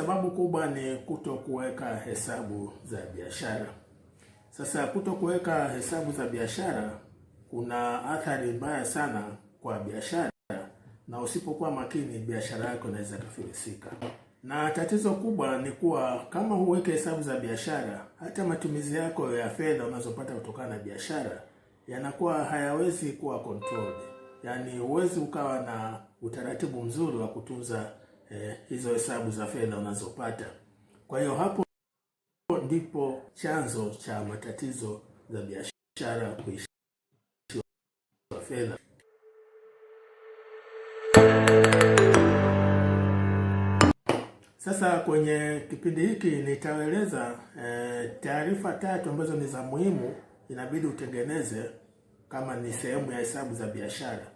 Sababu kubwa ni kuto kuweka hesabu za biashara. Sasa kuto kuweka hesabu za biashara kuna athari mbaya sana kwa biashara, na usipokuwa makini biashara yako inaweza kufilisika. Na tatizo kubwa ni kuwa kama huweke hesabu za biashara, hata matumizi yako ya fedha unazopata kutokana na biashara yanakuwa hayawezi kuwa controlled, yaani huwezi ukawa na utaratibu mzuri wa kutunza eh, hizo hesabu za fedha unazopata. Kwa hiyo hapo ndipo chanzo cha matatizo za biashara kuishiwa fedha. Sasa kwenye kipindi hiki nitaeleza eh, taarifa tatu ambazo ni za muhimu inabidi utengeneze kama ni sehemu ya hesabu za biashara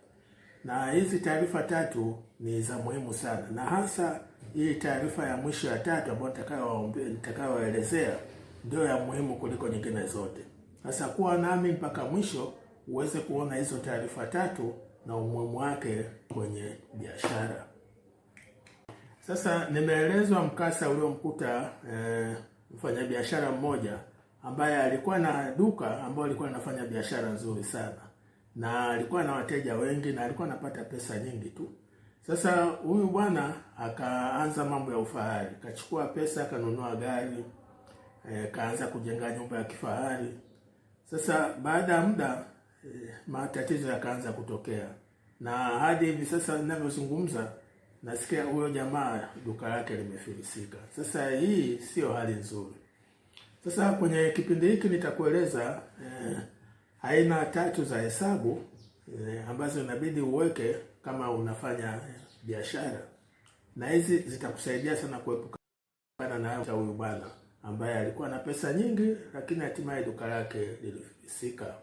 na hizi taarifa tatu ni za muhimu sana, na hasa hii taarifa ya mwisho ya tatu ambayo nitakayowaelezea ndio ya muhimu kuliko nyingine zote. Sasa kuwa nami mpaka mwisho uweze kuona hizo taarifa tatu na umuhimu wake kwenye biashara. Sasa nimeelezwa mkasa uliomkuta e, mfanyabiashara mmoja ambaye alikuwa na duka ambayo alikuwa anafanya biashara nzuri sana na alikuwa na wateja wengi na alikuwa anapata pesa nyingi tu. Sasa huyu bwana akaanza mambo ya ufahari, kachukua pesa akanunua gari e, kaanza kujenga nyumba ya kifahari. Sasa baada ya muda e, matatizo yakaanza kutokea, na hadi hivi sasa ninavyozungumza nasikia huyo jamaa duka lake limefilisika. Sasa hii sio hali nzuri. Sasa kwenye kipindi hiki nitakueleza e, aina tatu za hesabu eh, ambazo inabidi uweke kama unafanya biashara, na hizi zitakusaidia sana kuepukana na huyu bwana ambaye alikuwa na pesa nyingi, lakini hatimaye duka lake lilifilisika.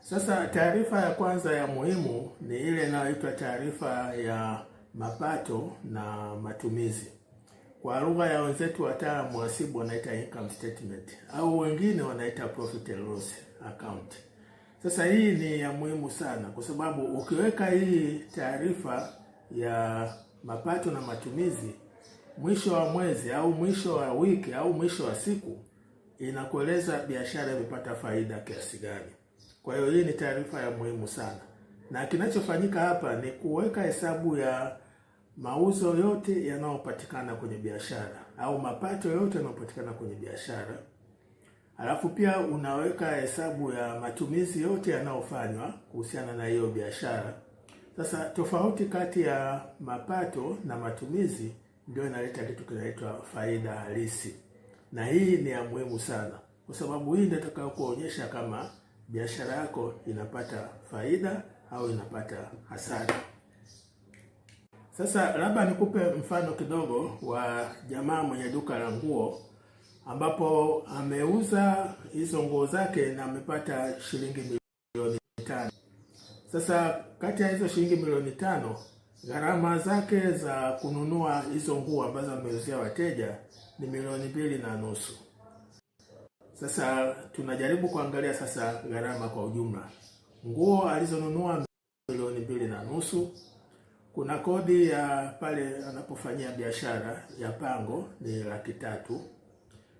Sasa taarifa ya kwanza ya muhimu ni ile inayoitwa taarifa ya mapato na matumizi kwa lugha ya wenzetu wataalamu wasibu wanaita income statement au wengine wanaita profit and loss account. Sasa hii ni ya muhimu sana, kwa sababu ukiweka hii taarifa ya mapato na matumizi mwisho wa mwezi au mwisho wa wiki au mwisho wa siku, inakueleza biashara imepata faida kiasi gani. Kwa hiyo hii ni taarifa ya muhimu sana, na kinachofanyika hapa ni kuweka hesabu ya mauzo yote yanayopatikana kwenye biashara au mapato yote yanayopatikana kwenye biashara, alafu pia unaweka hesabu ya matumizi yote yanayofanywa kuhusiana na hiyo biashara. Sasa tofauti kati ya mapato na matumizi ndio inaleta kitu kinaitwa faida halisi, na hii ni ya muhimu sana, kwa sababu hii ndio itakayokuonyesha kama biashara yako inapata faida au inapata hasara. Sasa labda nikupe mfano kidogo wa jamaa mwenye duka la nguo ambapo ameuza hizo nguo zake na amepata shilingi milioni tano. Sasa kati ya hizo shilingi milioni tano gharama zake za kununua hizo nguo ambazo ameuzia wateja ni milioni mbili na nusu. Sasa tunajaribu kuangalia sasa gharama kwa ujumla, nguo alizonunua milioni mbili na nusu kuna kodi ya pale anapofanyia biashara ya pango ni laki tatu.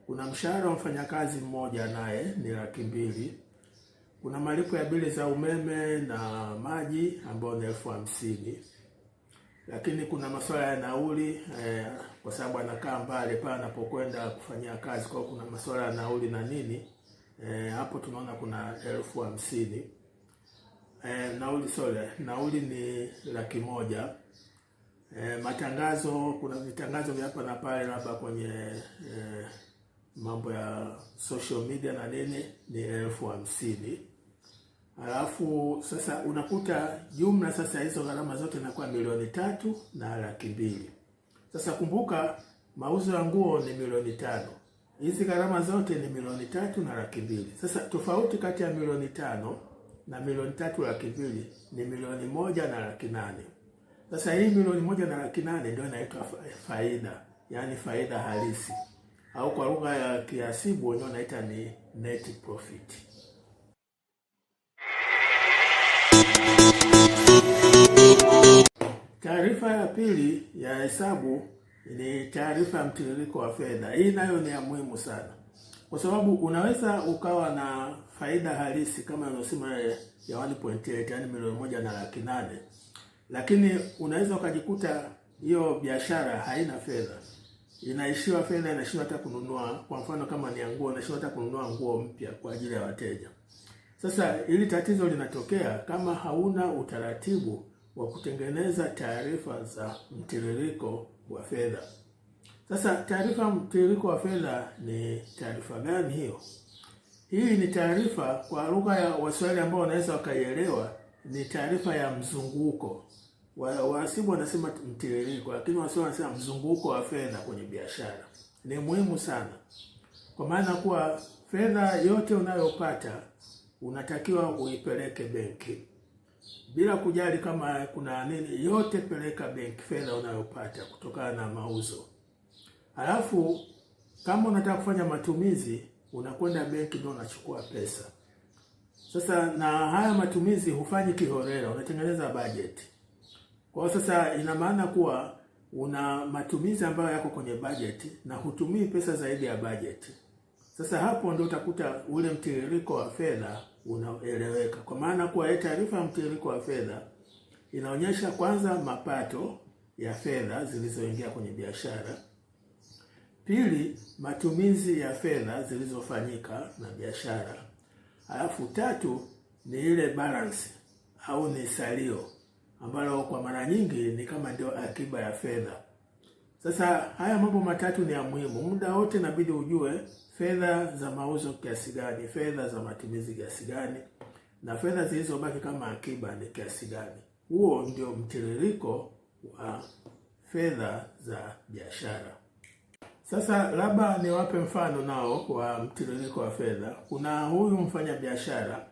Kuna mshahara wa mfanyakazi mmoja naye ni laki mbili. Kuna malipo ya bili za umeme na maji ambayo ni elfu hamsini lakini kuna masuala ya nauli eh, kwa sababu anakaa mbali pale anapokwenda kufanyia kazi, kwa kuna masuala ya nauli na nini eh, hapo tunaona kuna elfu hamsini eh, nauli sole nauli ni laki moja. Eh, matangazo, kuna vitangazo vya hapa na pale, labda kwenye eh, mambo ya social media na nini ni elfu hamsini. Alafu sasa unakuta jumla sasa hizo gharama zote inakuwa milioni tatu na laki mbili. Sasa kumbuka mauzo ya nguo ni milioni tano, hizi gharama zote ni milioni tatu na laki mbili. Sasa tofauti kati ya milioni tano na milioni tatu laki mbili ni milioni moja na laki nane. Sasa hii milioni moja na laki nane ndio inaitwa faida, yaani faida halisi au kwa lugha ya kihasibu wenyewe wanaita ni net profit. Taarifa ya pili ya hesabu ni taarifa ya mtiririko wa fedha. Hii nayo ni ya muhimu sana kwa sababu unaweza ukawa na faida halisi kama anaosema ya 1.8 yani milioni moja na laki nane, lakini unaweza ukajikuta hiyo biashara haina fedha, inaishiwa fedha, inaishiwa hata kununua, kwa mfano kama ni nguo, inaishiwa hata kununua nguo mpya kwa ajili ya wateja. Sasa hili tatizo linatokea kama hauna utaratibu wa kutengeneza taarifa za mtiririko wa fedha. Sasa taarifa ya mtiririko wa fedha ni taarifa gani hiyo? Hii ni taarifa kwa lugha ya Waswahili ambao wanaweza wakaielewa, ni taarifa ya mzunguko. Wahasibu wanasema mtiririko, lakini Waswahili wanasema mzunguko wa fedha kwenye biashara ni muhimu sana, kwa maana kuwa fedha yote unayopata unatakiwa uipeleke benki bila kujali kama kuna nini, yote peleka benki, fedha unayopata kutokana na mauzo Alafu kama unataka kufanya matumizi unakwenda benki ndio unachukua pesa. Sasa na haya matumizi hufanyi kiholela, unatengeneza budget. Kwa hiyo sasa ina maana kuwa una matumizi ambayo yako kwenye budget na hutumii pesa zaidi ya budget. Sasa hapo ndio utakuta ule mtiririko wa fedha unaeleweka, kwa maana kuwa ile taarifa ya mtiririko wa fedha inaonyesha kwanza mapato ya fedha zilizoingia kwenye biashara Pili, matumizi ya fedha zilizofanyika na biashara. Alafu tatu ni ile balance au ni salio ambalo kwa mara nyingi ni kama ndio akiba ya fedha. Sasa haya mambo matatu ni ya muhimu. Muda wote inabidi ujue fedha za mauzo kiasi gani, fedha za matumizi kiasi gani, na fedha zilizobaki kama akiba ni kiasi gani. Huo ndio mtiririko wa fedha za biashara. Sasa labda niwape mfano nao wa mtiririko wa fedha. Kuna huyu mfanya biashara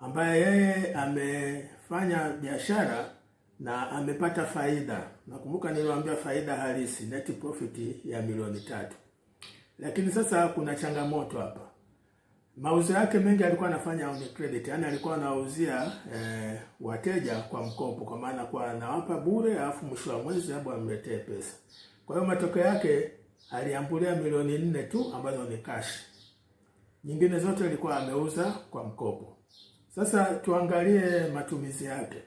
ambaye yeye amefanya biashara na amepata faida. Nakumbuka niliwaambia faida halisi net profit ya milioni tatu, lakini sasa kuna changamoto hapa. Mauzo yake mengi alikuwa anafanya on credit, yani alikuwa anawauzia eh, wateja kwa mkopo, kwa maana kwa anawapa bure, alafu mwisho wa mwezi hapo amletee pesa. Kwa hiyo matokeo yake aliambulia milioni nne tu ambazo ni cash, nyingine zote alikuwa ameuza kwa mkopo. Sasa tuangalie matumizi yake.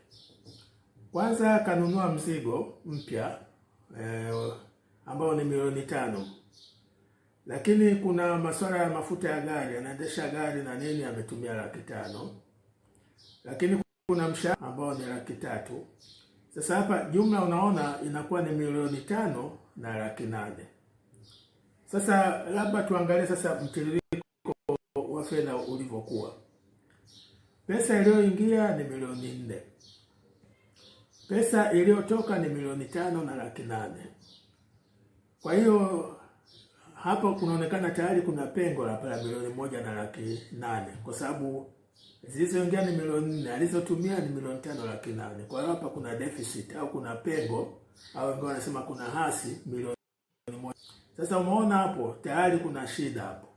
Kwanza kanunua mzigo mpya eh, ambao ni milioni tano, lakini kuna masuala ya mafuta ya gari, anaendesha gari na nini, ametumia laki tano, lakini kuna mshahara ambao ni laki tatu. Sasa hapa jumla unaona inakuwa ni milioni tano na laki nane. Sasa labda tuangalie sasa mtiririko wa fedha ulivyokuwa. Pesa iliyoingia ni milioni nne, pesa iliyotoka ni milioni tano na laki nane. Kwa hiyo hapo kunaonekana tayari kuna pengo la pala milioni moja na laki nane kwa sababu zilizoingia ni milioni nne, alizotumia ni milioni tano laki nane. Kwa hiyo hapa kuna deficit au kuna pengo au wengine wanasema kuna hasi milioni moja. Sasa umeona hapo tayari kuna shida hapo.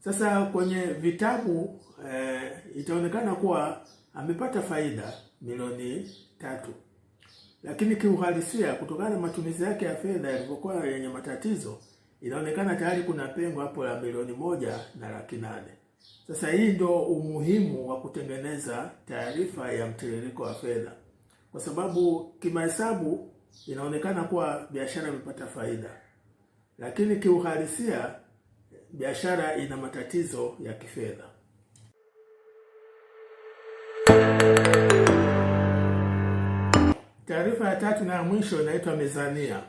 Sasa kwenye vitabu e, itaonekana kuwa amepata faida milioni tatu, lakini kiuhalisia, kutokana na matumizi yake ya fedha yalivyokuwa yenye matatizo, inaonekana tayari kuna pengo hapo la milioni moja na laki nane. Sasa hii ndio umuhimu wa kutengeneza taarifa ya mtiririko wa fedha, kwa sababu kimahesabu inaonekana kuwa biashara imepata faida lakini kiuhalisia biashara ina matatizo ya kifedha. Taarifa ya tatu na ya mwisho inaitwa mizania.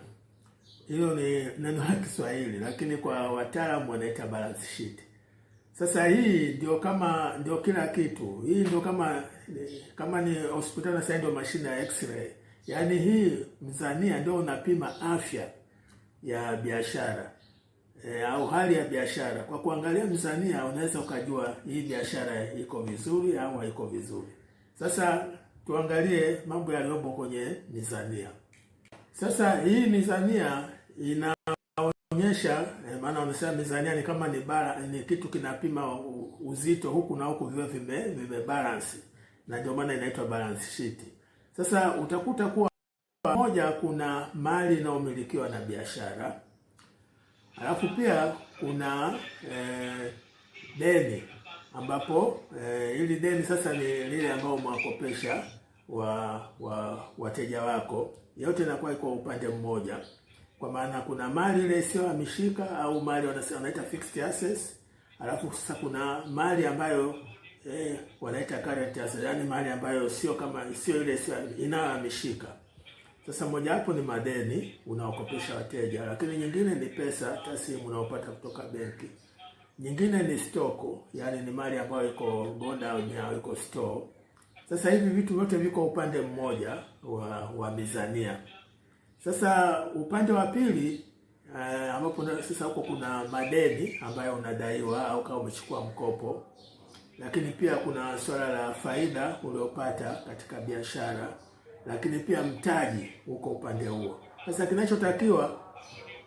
Hiyo ni neno la Kiswahili, lakini kwa wataalamu wanaita balance sheet. Sasa hii ndio kama ndio kila kitu. Hii ndio kama kama ni hospitali, sasa ndio mashine ya x-ray. Yaani hii mizania ndio unapima afya ya biashara e, au hali ya biashara. Kwa kuangalia msania unaweza ukajua hii biashara iko vizuri au haiko vizuri. Sasa tuangalie mambo yaliyopo kwenye mizania. Sasa hii mizania inaonyesha eh, maana wanasema mizania ni kama ni bara, ni kitu kinapima uzito huku na huku viwe vime, vime balance na ndio maana inaitwa balance sheet. Sasa utakuta kuwa moja, kuna mali inayomilikiwa na biashara, alafu pia kuna eh, deni ambapo eh, hili eh, deni sasa ni lile ambao umewakopesha wa, wa wateja wako, yote inakuwa kwa upande mmoja, kwa maana kuna mali ile isiyohamishika au mali wanaita fixed assets, alafu sasa kuna mali ambayo eh, wanaita current assets, yani mali ambayo sio kama sio ile inayohamishika sasa mojawapo ni madeni unaokopesha wateja, lakini nyingine ni pesa taslimu unaopata kutoka benki. Nyingine ni stoko, yani ni mali ambayo iko goda au iko store. Sasa hivi vitu vyote viko upande mmoja wa, wa mizania. Sasa upande wa pili eh, ambapo sasa huko kuna madeni ambayo unadaiwa au kama umechukua mkopo, lakini pia kuna swala la faida uliopata katika biashara lakini pia mtaji uko upande huo. Sasa kinachotakiwa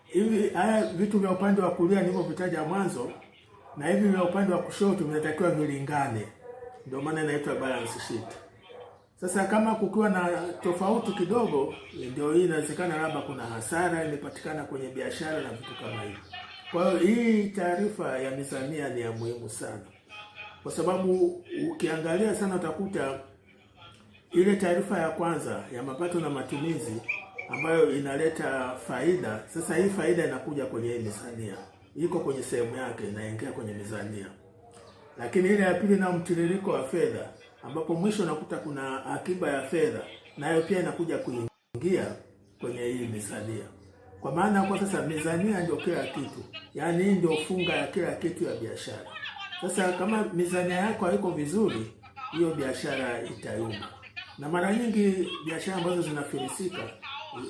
hivi, haya vitu vya upande wa kulia vitaja mwanzo na hivi vya upande wa kushoto vinatakiwa vilingane, ndio maana inaitwa balance sheet. Sasa kama kukiwa na tofauti kidogo, ndio hii inawezekana labda kuna hasara imepatikana kwenye biashara na vitu kama hivi. Kwa hiyo hii taarifa ya mizania ni ya muhimu sana, kwa sababu ukiangalia sana utakuta ile taarifa ya kwanza ya mapato na matumizi ambayo inaleta faida. Sasa hii faida inakuja kwenye mizania, iko kwenye sehemu yake, inaingia kwenye mizania. Lakini ile ya pili na mtiririko wa fedha, ambapo mwisho nakuta kuna akiba ya fedha, nayo pia inakuja kuingia kwenye hii mizania, kwa maana kwa sasa mizania ndio kila kitu, yaani hii ndio funga ya kila kitu ya biashara. Sasa kama mizania yako haiko vizuri, hiyo biashara itayumba na mara nyingi biashara ambazo zinafilisika,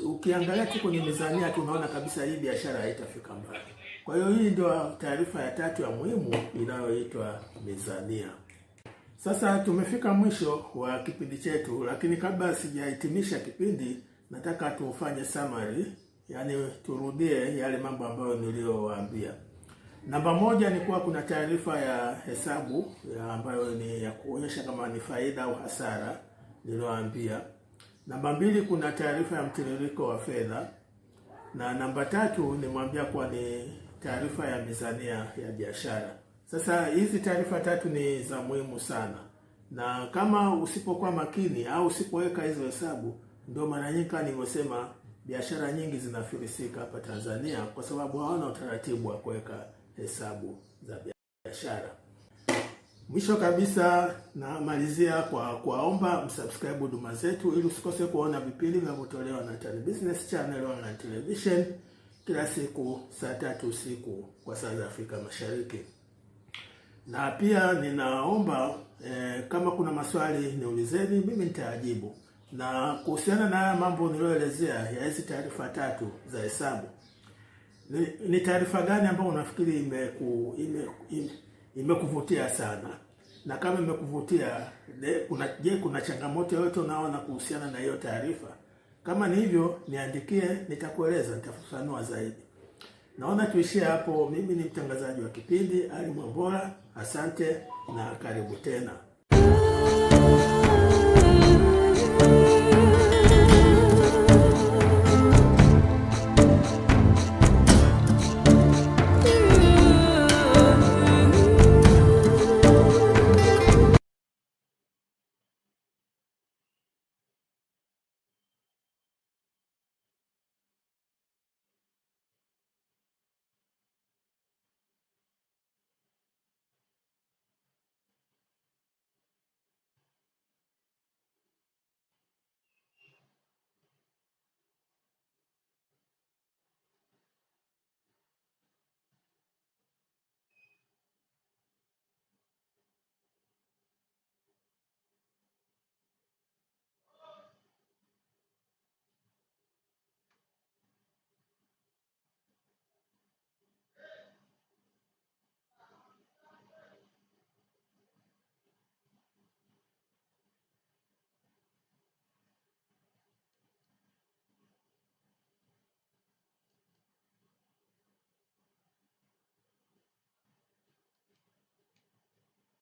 ukiangalia tu kwenye mizania tu unaona kabisa hii biashara haitafika mbali. Kwa hiyo hii ndio taarifa ya tatu ya muhimu inayoitwa mizania. Sasa tumefika mwisho wa kipindi chetu, lakini kabla sijahitimisha kipindi, nataka tufanye summary, yani turudie yale mambo ambayo niliyowaambia. Namba moja ni kuwa kuna taarifa ya hesabu ya ambayo ni ya kuonyesha kama ni faida au hasara niliwaambia. Namba mbili, kuna taarifa ya mtiririko wa fedha, na namba tatu nimwambia kuwa ni taarifa ya mizania ya biashara. Sasa hizi taarifa tatu ni za muhimu sana, na kama usipokuwa makini au usipoweka hizo hesabu, ndio mara nyingi nilivyosema, biashara nyingi zinafilisika hapa Tanzania kwa sababu hawana utaratibu wa kuweka hesabu za biashara. Mwisho kabisa namalizia kwa kuwaomba msubscribe huduma zetu ili usikose kuona vipindi vinavyotolewa na Tan Business Channel Online Television kila siku saa tatu usiku kwa saa za Afrika Mashariki. Na pia ninaomba eh, kama kuna maswali niulizeni, mimi nitayajibu. Na kuhusiana na haya mambo niliyoelezea ya hizi taarifa tatu za hesabu, ni, ni taarifa gani ambayo unafikiri imeku- ime, ime, imekuvutia sana? na kama imekuvutia, je, kuna changamoto yoyote unaona kuhusiana na hiyo taarifa? Kama ni hivyo, niandikie, nitakueleza, nitafafanua zaidi. Naona tuishie hapo. Mimi ni mtangazaji wa kipindi Ali Mwambola, asante na karibu tena.